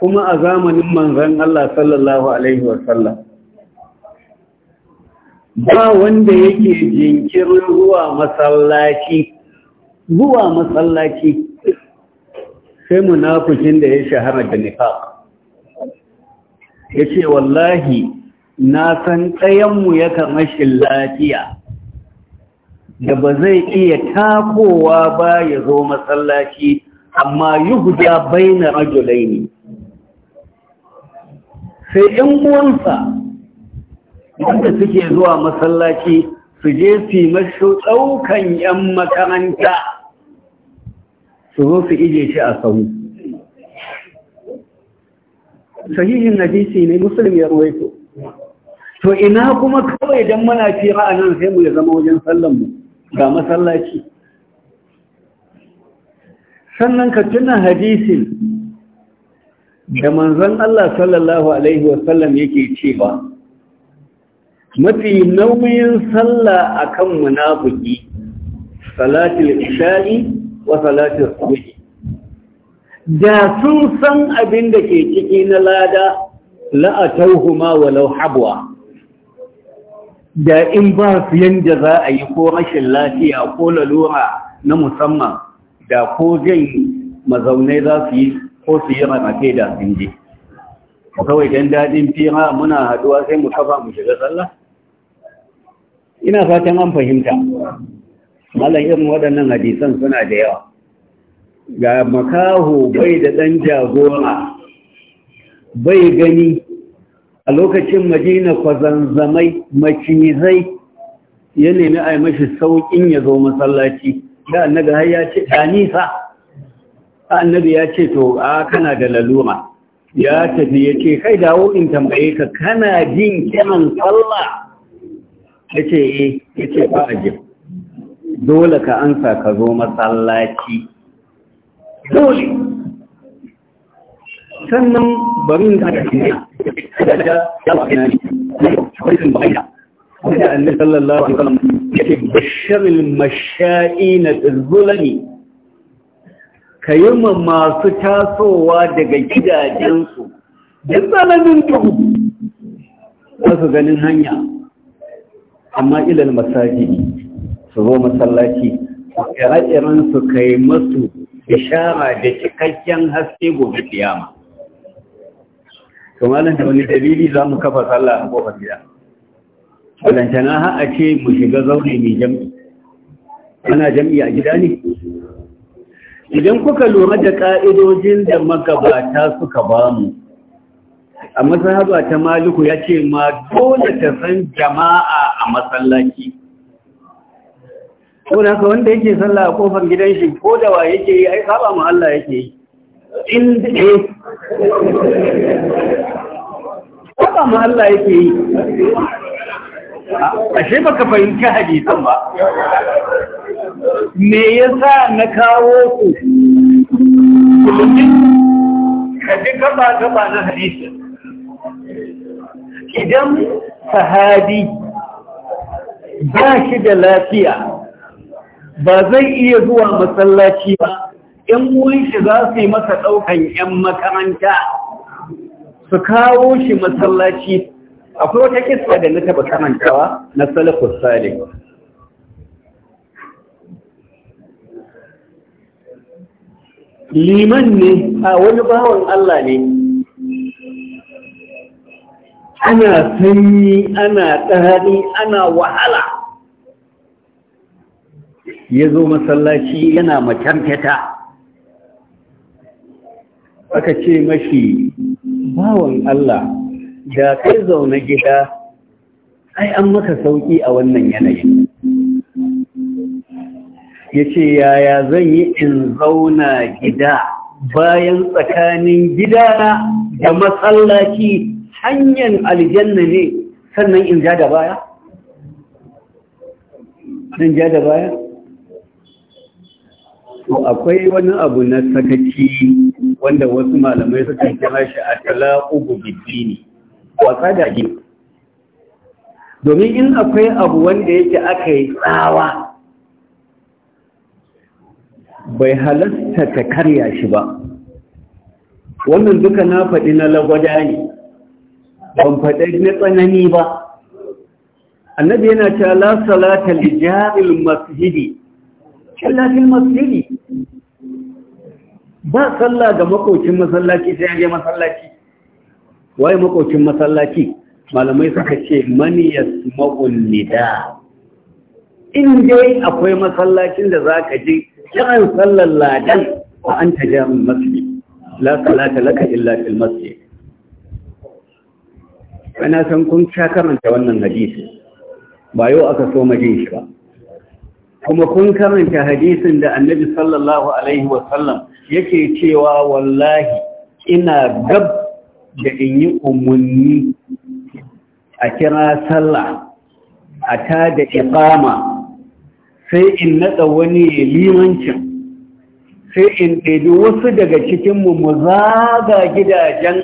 kuma a zamanin manzan Allah sallallahu alaihi wasallam ba wanda yake jinkirin zuwa masallaci zuwa masallaci sai munafikin da ya shahara da nifaq ce wallahi na san tsayenmu ya kama shi lafiya da ba zai iya takowa ba ya zo masallaci amma na baina ne sai ɗin uwansa wanda suke zuwa masallaci su je fi masu ɗaukan ‘yan makaranta su zo su ije shi a sahu sahihin hadisi ne musulmi ya ruwaito to ina kuma kawai don mana fi a nan sai mu ya zama wajen sallanmu ga masallaci sannan ka tuna hadisin da manzon Allah sallallahu alaihi wasallam yake cewa mafi nauyin sallah akan munafiki salatul isha'i wa salatul subhi da sun san abin da ke ciki na lada la'atauhuma walau habwa da in ba su yanda za a yi ko rashin lafiya ko lalura na musamman da ko zai mazaunai za su yi ko su yi ramake da sun kawai don daɗin fira muna haɗuwa sai mu kafa mu shiga sallah ina fatan an fahimta malam irin waɗannan hadisan suna da yawa ga makaho bai da ɗan jagora bai gani a lokacin madina kwazanzamai macizai ya nemi a yi mashi sauƙin ya zo masallaci da annabi har ya ce ɗanisa annabi ya ce to a kana da laluma ya tafi ya ce kai dawo in tambaye ka kana jin kiran sallah ya ce yi, eh. ya ce ba a jin dole ka ansa ka zo masallaci dole sannan barin da aka yi da da ya ba kana ne hadisin bayyana wanda annabi sallallahu alaihi wasallam yake basharil Ka yi kayimma masu tasowa daga gidajensu da tsananin duhu su ganin hanya amma ilal masaji su zo masallaci ire-iren su kai masu bishara da cikakken haske gobe kiyama nan da wani dalili za mu kafa sallah a kofar gida balantana har a ce mu shiga zaune mai jam'i ana jam'i a gida ne idan kuka lura da ka'idojin da magabata suka ba mu a masahaba ta maliku ya ce ma dole ta san jama'a a masallaci ko da haka wanda yake sallah a kofar gidan shi ko da wa yake yi ai saba mu Allah yake yi in eh ma Allah yake yi ashe baka fahimci hadisan ba me yasa na kawo ku kullum gaba gaba na hadisi idan sahabi ba shi da lafiya ba zai iya zuwa masallaci ba ‘yan uwan shi za su yi masa ɗaukan ‘yan makaranta su kawo shi masallaci akwai wata kisa da na taba kamantawa na salafus salih liman ne a wani bawan Allah ne ana sanyi ana tsari ana wahala ya zo masallaci yana makyarketa aka ce mashi bawan Allah da kai zaune gida ai an maka sauki a wannan yanayi ya ce yaya zan yi in zauna gida bayan tsakanin gida da matsalaki hanyar aljanna ne sannan in ja da baya? in ja da baya? to akwai wani abu na sakaci wanda wasu malamai suka kira shi a ugu bidini wa sadaqi domin in akwai abu wanda yake aka yi tsawa bai halasta ta karya shi ba wannan duka na faɗi na lagwada ne ban faɗi na tsanani ba annabi yana cewa la salata li jaril masjidi kallafil masjidi ba sallah ga makocin masallaci sai yaje masallaci wai makocin masallaci malamai suka ce mani yasma'un nida in dai akwai masallacin da zaka ji kiran sallar ladan wa anta jami'in masjid la salata laka illa fil masjid ana san kun sha karanta wannan hadisi ba yau aka so majin shi ba kuma kun karanta hadisin da annabi sallallahu alaihi wa sallam yake cewa wallahi ina gab da in yi umarni a kira sallah a ta da iqama sai in naɗa wani limancin sai in ɗaiɗi wasu daga cikinmu mu zaga gidajen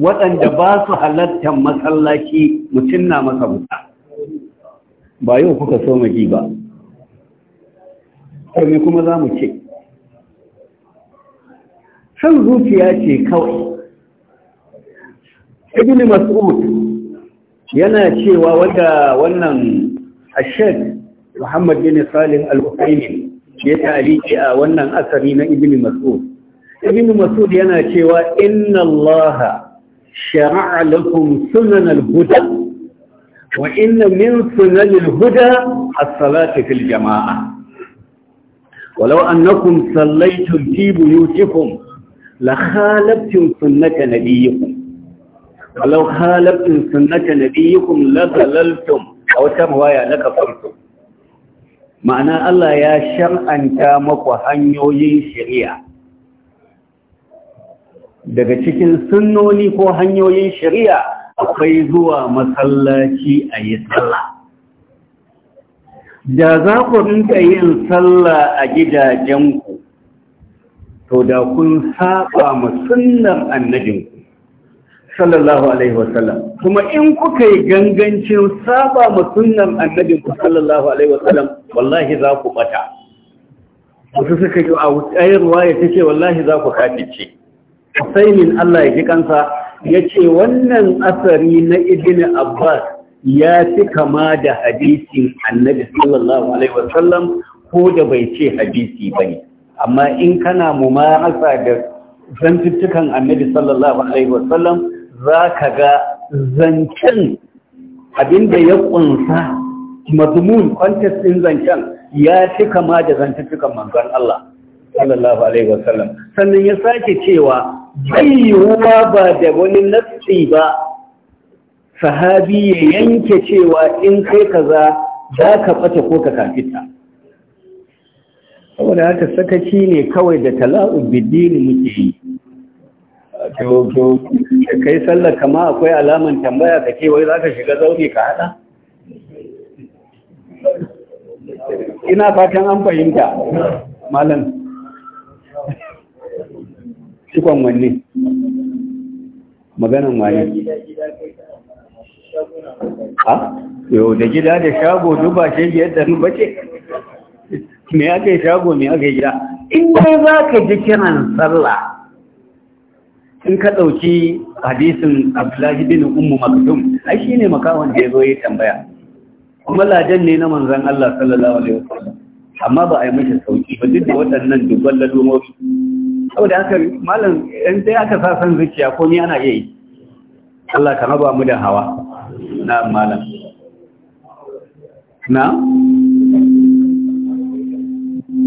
waɗanda ba su halattar masallaci mutum na masa wuta ba yau kuka so ji ba ƙarni kuma za mu ce san zuciya ce kawai ibn mas'ud yana cewa wanda wannan ashad muhammad bin salim al-ukaimi ya ta'aliki a wannan asari na ibn mas'ud ibn mas'ud yana cewa inna allaha شرع لكم سنن الهدى وإن من سنن الهدى الصلاة في الجماعة ولو أنكم صليتم في بيوتكم la khalabtum sunnata nabiyikum walau khalabtum sunnata nabiyikum la dalaltum aw tamwaya la kafartum ma'ana Allah ya shar'anta maku hanyoyin shari'a daga cikin sunnoni ko hanyoyin shari'a akwai zuwa masallaci a yi da za ku rinka yin sallah a gidajenku to da kun saba ma sunnar annabinku sallallahu alaihi wasallam kuma in kuka yi gangancin saba ma sunnar annabin ku sallallahu alaihi wasallam wallahi za ku bata wasu suka yi a wutsayar waya ta ce wallahi za ku kafice min Allah ya ji kansa ya ce wannan asari na ibn abbas ya fi kama da hadisin annabi sallallahu alaihi wasallam ko da bai ce hadisi bane amma in kana mu mumarasa da zantuttukan annabi sallallahu alaihi wasallam za ka ga zancen abinda ya kunsa mazmun kwantar ɗin zancen ya fi kama da zantuttukan manzon Allah sallallahu alaihi wasallam sannan ya sake cewa bai ruwa ba da wani nafsi ba sahabi ya yanke cewa in kai kaza za ka fata ko ka kafita saboda haka sakaci ne kawai da tala'u biddini muke yi to kai sallar kama akwai alaman tambaya ka ce wai za ka shiga zaune ka hada ina fatan an fahimta malam cikon wanne maganan wani a ah, yau da gida da shago duba shi yadda nubace me aka yi shago me aka yi gida in dai za ka ji kiran sallah in ka ɗauki hadisin abdullahi bin ummu maktum ai shi ne makawan da ya zo ya tambaya kuma ladan ne na manzan Allah sallallahu alaihi wasallam amma ba a yi mashi sauki ba duk da waɗannan dubban lalumori saboda aka malam in sai aka sa san zuciya ko ni ana iya yi Allah ka raba mu da hawa na malam na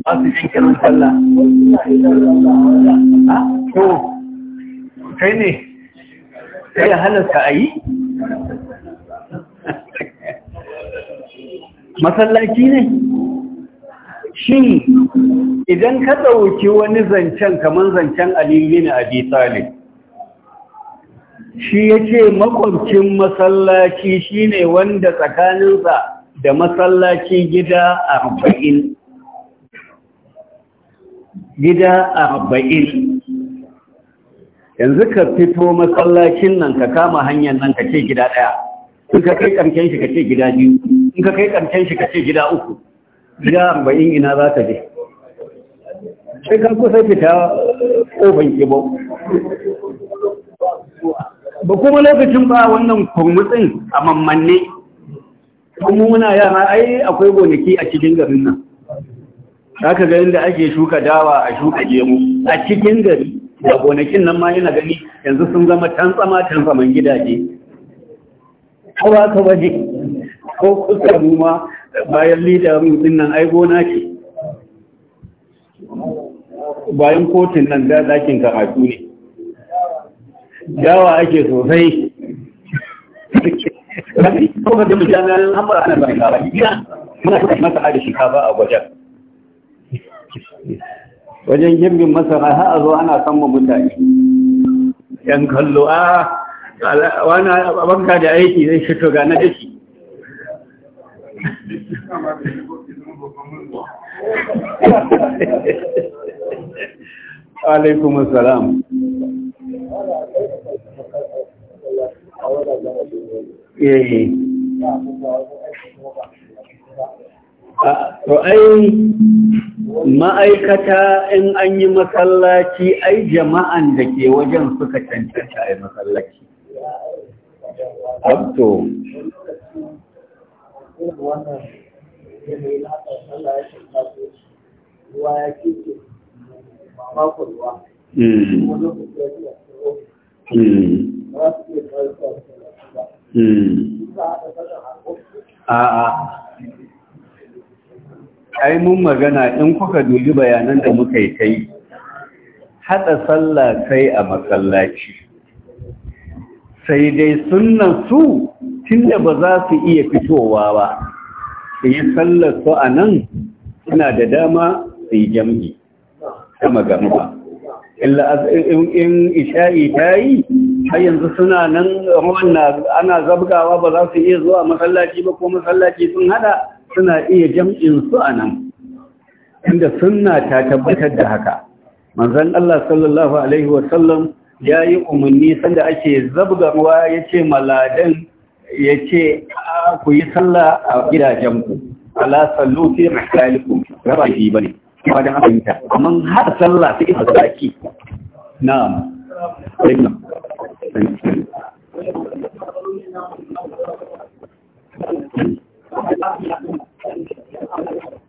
Masu jin kiran kai ne sai ya halarta a yi masallaci ne shi idan ka ɗauki wani zancen kamar zancen aliyu a bitali shi ya ce makwabcin masallaci shi ne wanda tsakaninsa da masallaci gida arba'in gida arba'in yanzu ka fito masallacin nan ka kama hanyar nan ka ce gida ɗaya in ka kai ƙarshen shi ka ce gida biyu in ka kai ƙarshen shi ka ce gida uku gida arba'in ina za ka je sai kan kusa fita ƙofan kibau ba kuma lokacin ba wannan kurmutsin a mammanne kuma muna yara ai akwai gonaki a cikin garin nan zaka ga inda ake shuka dawa a shuka gemu a cikin gari da gonakin nan ma yana gani yanzu sun zama can tantsaman gidaje hawa ka waje ko kusa mu ma bayan lida din nan ai gona ce bayan kotun nan da dakin karatu ne dawa ake sosai ko ga da mutanen hamara ana ba ka ba muna masa da shi ka ba a wajen wajen girbin masara har a zo ana samun mutane yan kallo ah, a wani abanka da aiki zai shito ga na shi. alaikum assalam eh, eh. to ai ma'aikata in an yi masallaci ai jama'an da ke wajen suka cancanta a yi masallaci abto A'a. ai mun magana in kuka dubi bayanan da muka yi kai hada sallah kai a masallaci sai dai sunnan su tunda ba za su iya fitowa ba su yi sallar su a nan suna da dama su yi jam'i sama in isha'i ta yi har yanzu suna nan ana zabgawa ba za su iya zuwa masallaci ba ko masallaci sun hada suna iya jam'in su a nan inda suna ta tabbatar da haka Manzan Allah sallallahu alaihi wasallam ya yi umarni sanda ake zabga ruwa ya ce maladan ya ce ku yi sallah a gidajenku ala sallu fi mahalikum raba shi bane ba dan abinta amma har sallah su ka zaki na'am Again,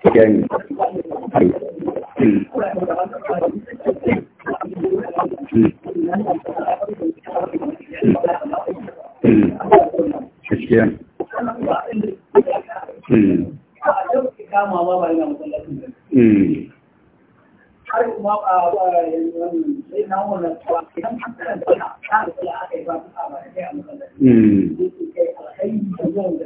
Again. Mm.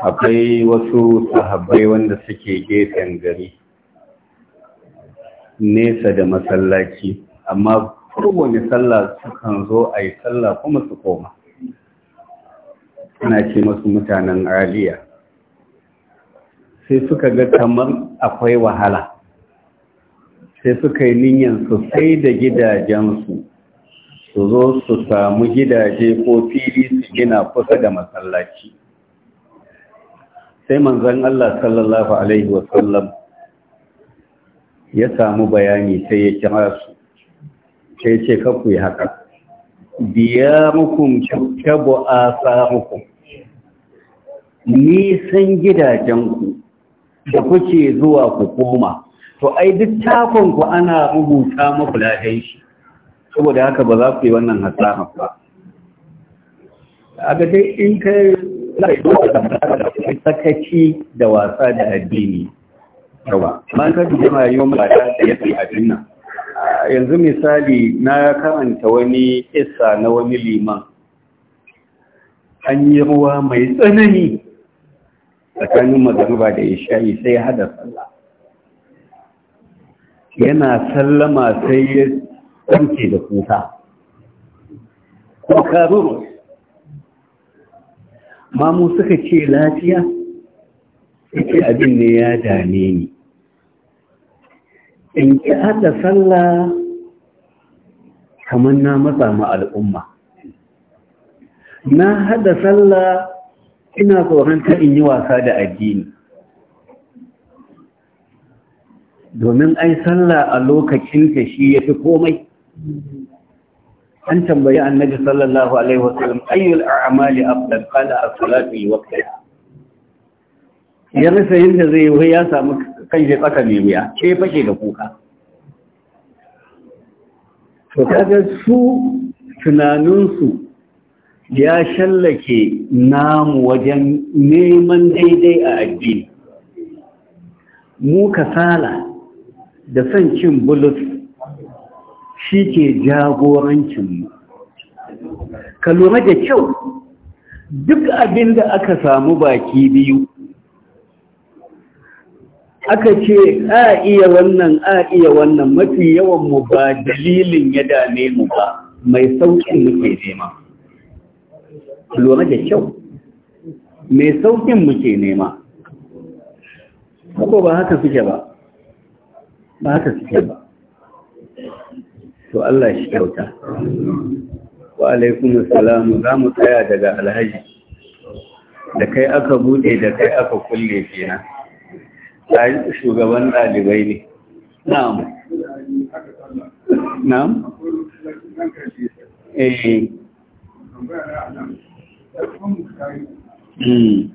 akwai wasu sahabbai wanda suke gefen gari nesa da masallaci amma kowane sallah sukan zo a yi sallah kuma su koma ana ce masu mutanen aliya sai suka ga kamar akwai wahala sai suka yi niyyar su sai da gidajensu su zo su samu gidaje ko fili su gina kusa da masallaci sai manzon Allah sallallahu alaihi wasallam ya samu bayani sai ya kira su sai ce kafu yi haka biya mukum kyabu a tsarukun nisan gidajenku da kuke zuwa ku koma to ai duk takonku ana rubuta muku ladan shi saboda haka ba za ku yi wannan hasara ba a ga dai in kai tsakaci da wasa da addini yawa ma ka ji jama'a yi wa ta da fi abin nan yanzu misali na karanta wani isa na wani liman an yi ruwa mai tsanani tsakanin magariba da ya isha'i sai hada sallah yana sallama sai ya ɗauke da kuka mamu suka ce lafiya ce abin ne ya dame ni in ki haɗa sallah kamar na matsa ma al'umma na hada sallah ina tsoron ta in yi wasa da addini domin ai sallah a lokacin lokacinta shi ya fi komai an tambayi annabi sallallahu alaihi wasallam ayyul a'mali afdal qala as-salatu wa qiyam ya rasa yadda zai yi ya samu kanshi tsaka mai wuya ce fashe da kuka to kaga su tunaninsu ya shallake namu wajen neman daidai a addini mu kasala da son cin bulus shi ke jagorancinmu ka lura da kyau duk abin da aka samu baki biyu aka ce a iya wannan a iya wannan mafi yawan mu ba dalilin ya dame mu ba mai saukin muke nema lura da kyau mai saukin muke nema ko ba haka suke ba ba haka suke ba to Allah shi kyauta wa alaikumu salam za mu tsaya daga alhaji da kai aka bude da kai aka kulle kenan shugaban ɗalibai ne na'am na'am eh Mm.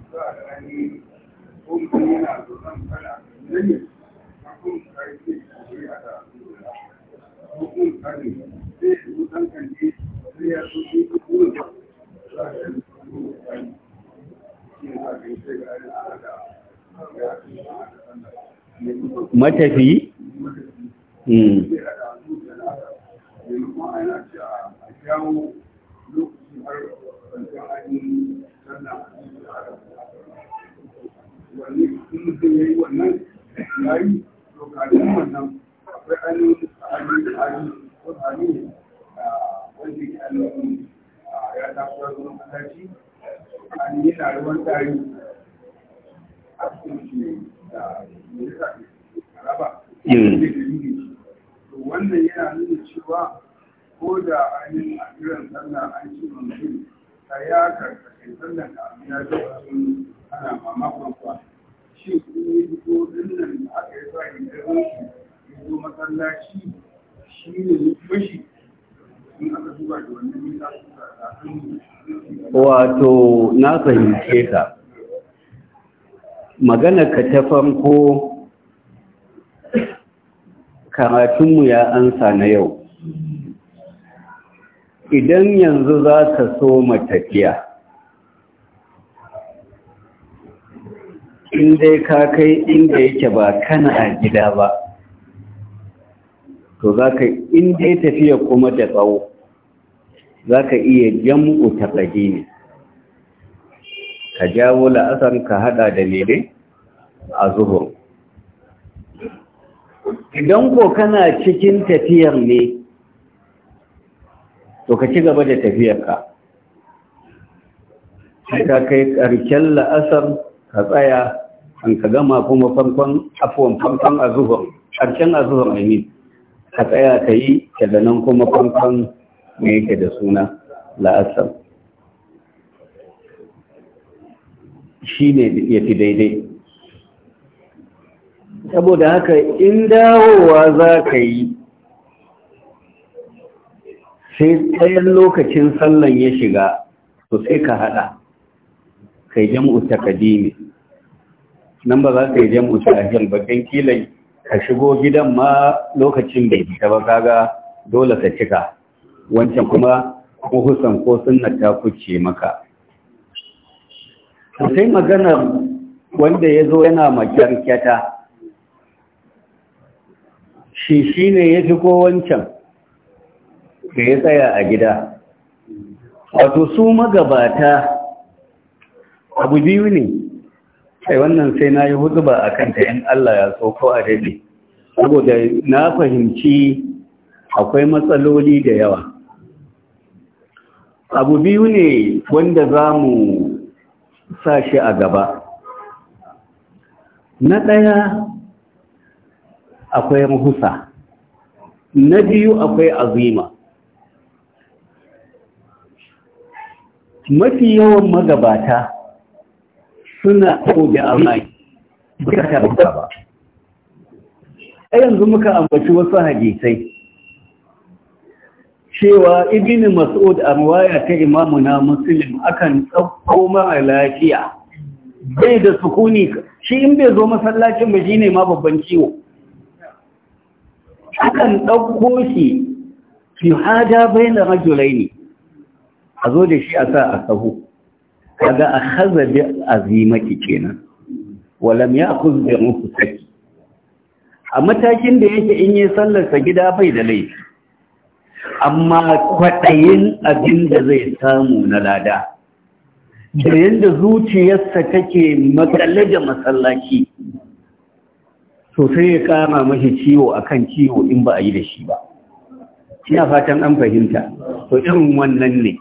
matafi hmm. wannan akwai ainihin ainihin ko ainihin ya a cikin shi da raba wannan yana nuna cewa ko da ainihin a kiran sallah an ci mutum ta ya karkashin sallah da abu ya zo ana mamakon kwa shi kuma yi ko dinnan aka yi sa yi wato na fahimce ka magana ka ta farko karatunmu ya ansa na yau idan yanzu za ka so matafiya in dai ka kai inda yake ba kana a gida ba to za ka in dai tafiya kuma da tsawo za ka iya jam'u ta ne ka jawo la'asar ka hada da lele a zuhur idan ko kana cikin tafiyar ne to ka ci gaba da tafiyarka sai ka kai ƙarshen la'asar ka tsaya an ka gama kuma farkon afuwan farkon a zuhur ƙarshen a zuhur ne ka tsaya ka yi daga nan kuma farkon ne yake da suna la'asar shi ne ya fi daidai saboda haka in dawowa za ka yi sai tsayen lokacin sallan ya shiga to sai ka haɗa kai jam'u takadimi nan ba za ka yi jam'u tahir ba kan kilan ka shigo gidan ma lokacin bai ita ba kaga dole ka cika wancan kuma hukusan ko sunnar ta kuce maka sai maganar wanda ya zo yana makyarkyata shi shi ne ya fi wancan da ya tsaya a gida wato su magabata abu biyu ne sai wannan sai na yi hutuba a kanta in Allah ya so a daɗe saboda na fahimci akwai matsaloli da yawa abu biyu ne wanda za mu sa shi a gaba na ɗaya akwai mahusa na biyu akwai azima mafi yawan magabata suna ɗauke a ba ta ba a yanzu muka ambaci wasu hadisai cewa ibn mas'ud a riwaya ta imamuna muslim akan tsakko mara lafiya bai da sukuni shi in bai zo masallacin ba shine ma babban ciwo akan ɗauko shi fi hada bai na rajulai ne a zo da shi a sa a sahu kaga akhadha bi azimaki kenan walam ya'khudh bi ruhsati a matakin da yake in yi sallar sa, gida bai da laifi amma kwaɗayin abin da zai samu na lada da yadda zuciyarsa take makalle da masallaci sosai ya kama mashi ciwo akan ciwo in ba a yi da shi ba ina fatan an fahimta to irin wannan ne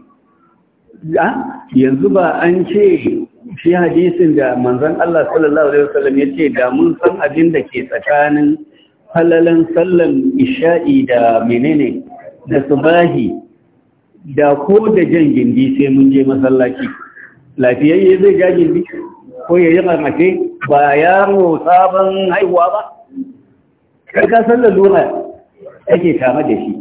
yanzu ba an ce shi hadisin da manzan Allah sallallahu alaihi wasallam yace da mun san abin da ke tsakanin halalan sallan isha'i da menene da subahi da ko da jan gindi sai mun je masallaci lafiyayye zai ja gindi ko ya yi karmace ba yaro sabon haihuwa ba karka sallar lura ake tare da shi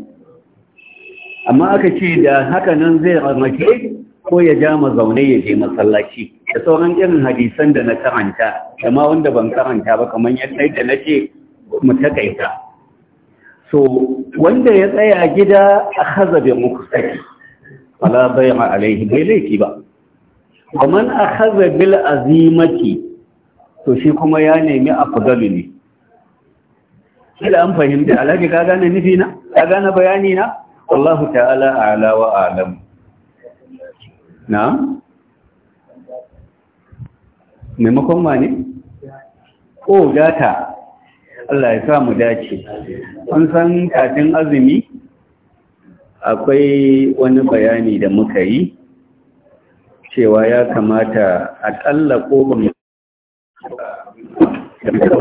amma aka ce da haka nan zai karmace ko ya ja zaune ya je masallaci da sauran irin hadisan da na karanta da ma wanda ban karanta ba kamar kai da na ce mu takaita so wanda ya tsaya gida a hazabe mukusaki fala bayra alaihi bai laifi ba kaman a bil azimati to shi kuma ya nemi afdalu ne kila an fahimta alhaji ka gane nufi na ka gane bayani na wallahu ta'ala a'la wa a'lamu na maimakon wane? o gata Allah ya samu dace an san kafin azumi akwai wani bayani da muka yi cewa ya kamata a ko ba mu